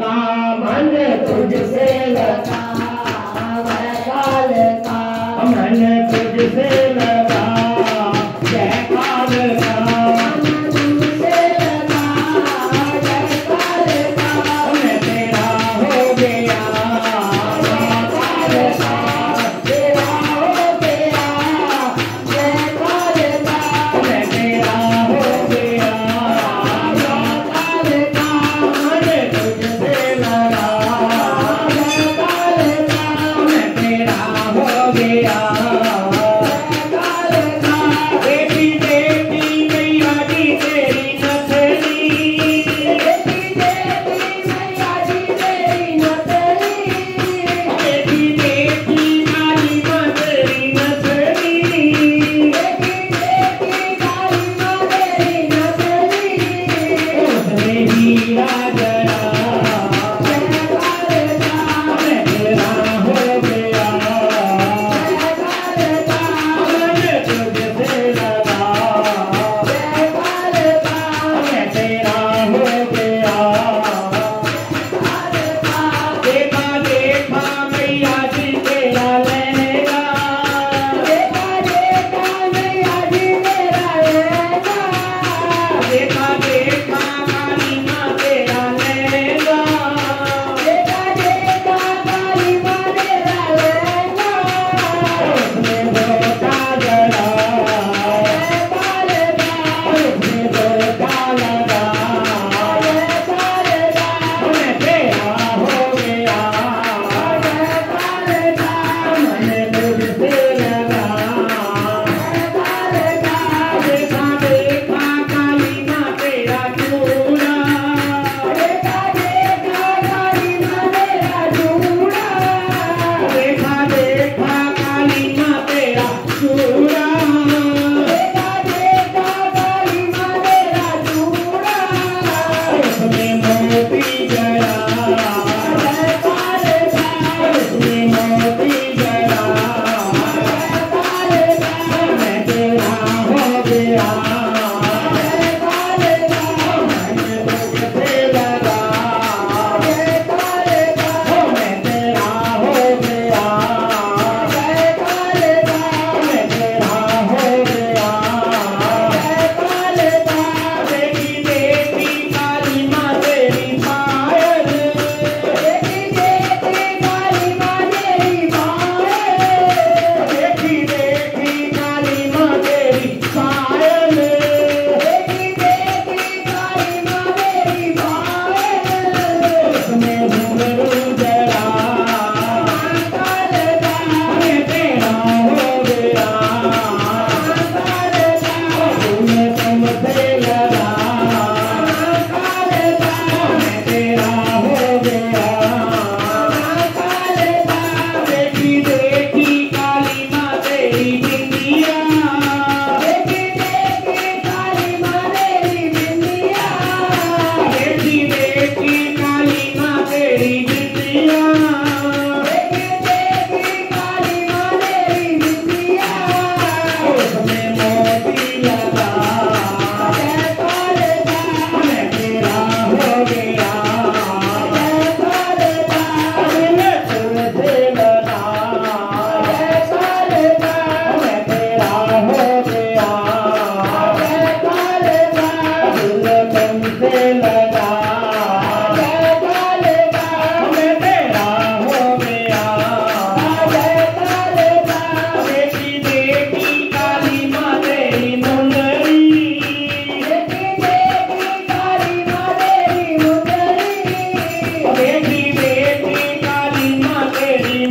पालना मन तुझसे लगा Bye.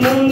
Simon